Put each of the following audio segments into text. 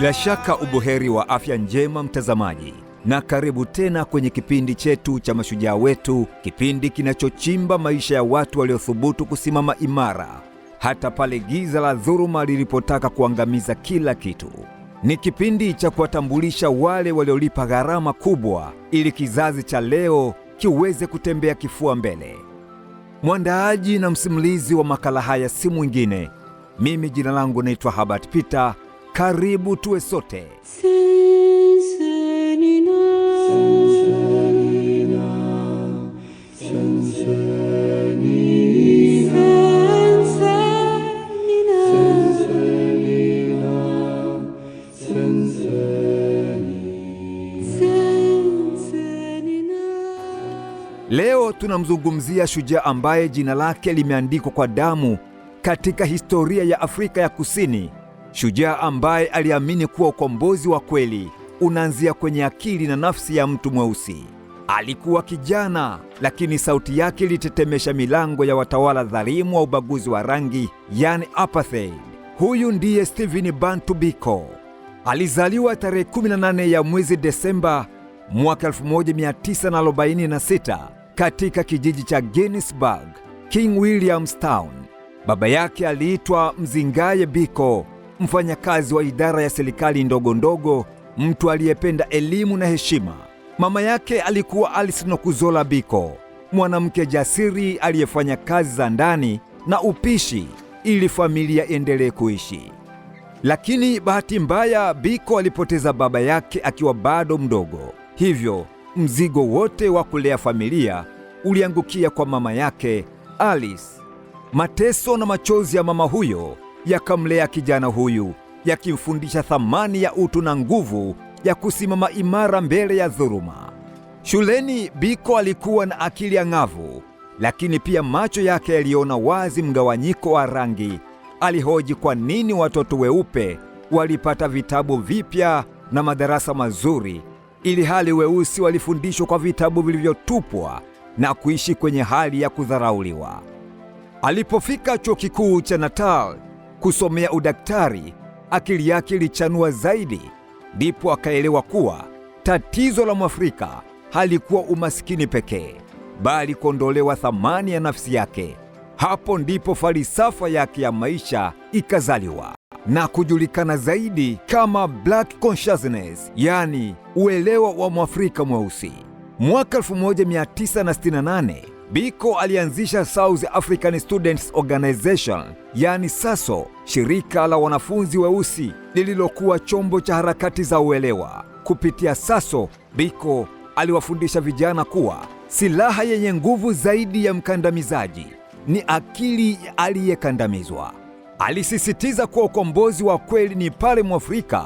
Bila shaka ubuheri wa afya njema, mtazamaji, na karibu tena kwenye kipindi chetu cha Mashujaa Wetu, kipindi kinachochimba maisha ya watu waliothubutu kusimama imara hata pale giza la dhuruma lilipotaka kuangamiza kila kitu. Ni kipindi cha kuwatambulisha wale waliolipa gharama kubwa ili kizazi cha leo kiweze kutembea kifua mbele. Mwandaaji na msimulizi wa makala haya si mwingine, mimi jina langu naitwa habat Peter karibu tuwe sote Leo tunamzungumzia shujaa ambaye jina lake limeandikwa kwa damu katika historia ya Afrika ya Kusini shujaa ambaye aliamini kuwa ukombozi wa kweli unaanzia kwenye akili na nafsi ya mtu mweusi. Alikuwa kijana, lakini sauti yake ilitetemesha milango ya watawala dhalimu wa ubaguzi wa rangi, yani apartheid. Huyu ndiye Stephen Bantu Biko. Alizaliwa tarehe 18 ya mwezi Desemba mwaka 1946 katika kijiji cha ginnesburg King williamstown Baba yake aliitwa Mzingaye Biko mfanyakazi wa idara ya serikali ndogo ndogo, mtu aliyependa elimu na heshima. Mama yake alikuwa Alice Nokuzola Biko, mwanamke jasiri aliyefanya kazi za ndani na upishi ili familia iendelee kuishi. Lakini bahati mbaya, Biko alipoteza baba yake akiwa bado mdogo, hivyo mzigo wote wa kulea familia uliangukia kwa mama yake Alice. Mateso na machozi ya mama huyo yakamlea kijana huyu, yakimfundisha thamani ya utu na nguvu ya kusimama imara mbele ya dhuluma. Shuleni, Biko alikuwa na akili ang'avu, lakini pia macho yake yaliona wazi mgawanyiko wa rangi. Alihoji kwa nini watoto weupe walipata vitabu vipya na madarasa mazuri, ili hali weusi walifundishwa kwa vitabu vilivyotupwa na kuishi kwenye hali ya kudharauliwa. Alipofika chuo kikuu cha Natal, kusomea udaktari, akili yake ilichanua zaidi, ndipo akaelewa kuwa tatizo la Mwafrika halikuwa umasikini pekee, bali kuondolewa thamani ya nafsi yake. Hapo ndipo falsafa yake ya maisha ikazaliwa na kujulikana zaidi kama Black Consciousness, yaani uelewa wa Mwafrika mweusi. Mwaka 1968 Biko alianzisha South African Students Organization, yani SASO, shirika la wanafunzi weusi lililokuwa chombo cha harakati za uelewa. Kupitia SASO, Biko aliwafundisha vijana kuwa silaha yenye nguvu zaidi ya mkandamizaji ni akili aliyekandamizwa. Alisisitiza kuwa ukombozi wa kweli ni pale Mwafrika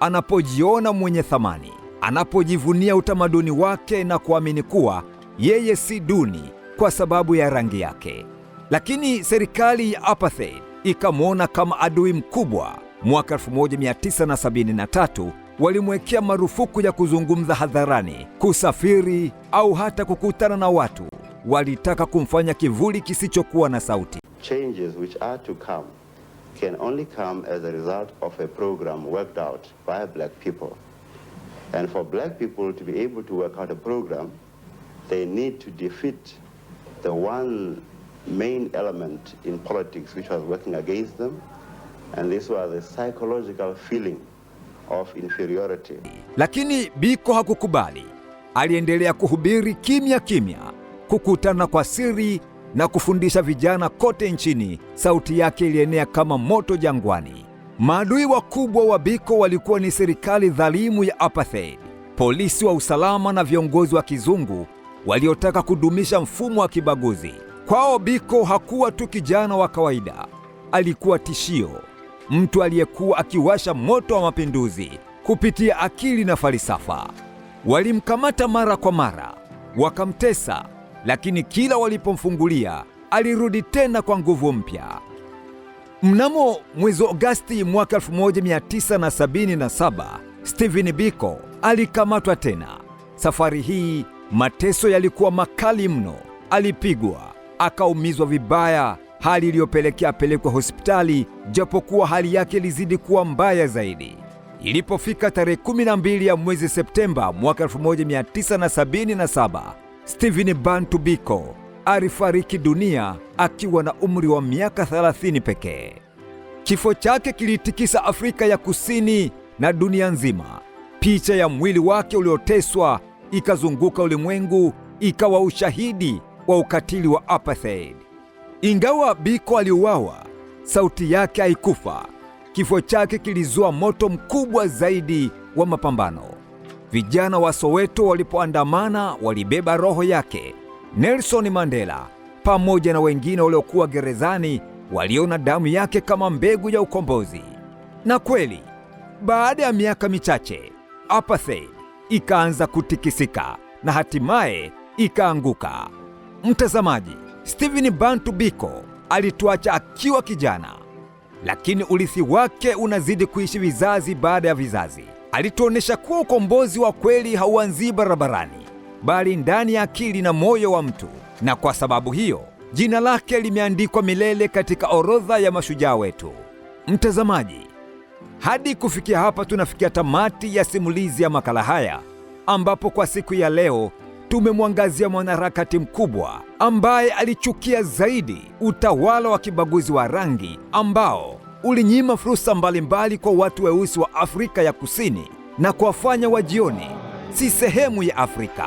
anapojiona mwenye thamani, anapojivunia utamaduni wake na kuamini kuwa yeye si duni kwa sababu ya rangi yake. Lakini serikali ya apartheid ikamwona kama adui mkubwa. Mwaka 1973 walimwekea marufuku ya kuzungumza hadharani, kusafiri au hata kukutana na watu. Walitaka kumfanya kivuli kisichokuwa na sauti. Changes which are to come can only come as a result of a program worked out by black people. And for black people to be able to work out a program, they need to defeat the one main element in politics which was working against them, and this was the psychological feeling of inferiority. Lakini Biko hakukubali. Aliendelea kuhubiri kimya kimya, kukutana kwa siri na kufundisha vijana kote nchini. Sauti yake ilienea kama moto jangwani. Maadui wakubwa wa Biko walikuwa ni serikali dhalimu ya apartheid, polisi wa usalama na viongozi wa kizungu waliotaka kudumisha mfumo wa kibaguzi. Kwao Biko hakuwa tu kijana wa kawaida, alikuwa tishio, mtu aliyekuwa akiwasha moto wa mapinduzi kupitia akili na falsafa. Walimkamata mara kwa mara, wakamtesa, lakini kila walipomfungulia alirudi tena kwa nguvu mpya. Mnamo mwezi Agosti mwaka 1977 Stephen Biko alikamatwa tena, safari hii Mateso yalikuwa makali mno. Alipigwa, akaumizwa vibaya, hali iliyopelekea apelekwa hospitali, japokuwa hali yake ilizidi kuwa mbaya zaidi. Ilipofika tarehe 12 ya mwezi Septemba mwaka 1977, Stephen Bantu Biko alifariki dunia akiwa na umri wa miaka 30 pekee. Kifo chake kilitikisa Afrika ya Kusini na dunia nzima. Picha ya mwili wake ulioteswa ikazunguka ulimwengu ikawa ushahidi wa ukatili wa apartheid. Ingawa Biko aliuawa, sauti yake haikufa. Kifo chake kilizua moto mkubwa zaidi wa mapambano. Vijana wa Soweto walipoandamana walibeba roho yake. Nelson Mandela pamoja na wengine waliokuwa gerezani waliona damu yake kama mbegu ya ukombozi. Na kweli, baada ya miaka michache apartheid ikaanza kutikisika na hatimaye ikaanguka. Mtazamaji, Stephen Bantu Biko alituacha akiwa kijana, lakini urithi wake unazidi kuishi vizazi baada ya vizazi. Alituonesha kuwa ukombozi wa kweli hauanzii barabarani, bali ndani ya akili na moyo wa mtu, na kwa sababu hiyo jina lake limeandikwa milele katika orodha ya mashujaa wetu. Mtazamaji, hadi kufikia hapa, tunafikia tamati ya simulizi ya makala haya, ambapo kwa siku ya leo tumemwangazia mwanaharakati mkubwa ambaye alichukia zaidi utawala wa kibaguzi wa rangi ambao ulinyima fursa mbalimbali kwa watu weusi wa Afrika ya Kusini na kuwafanya wajione si sehemu ya Afrika.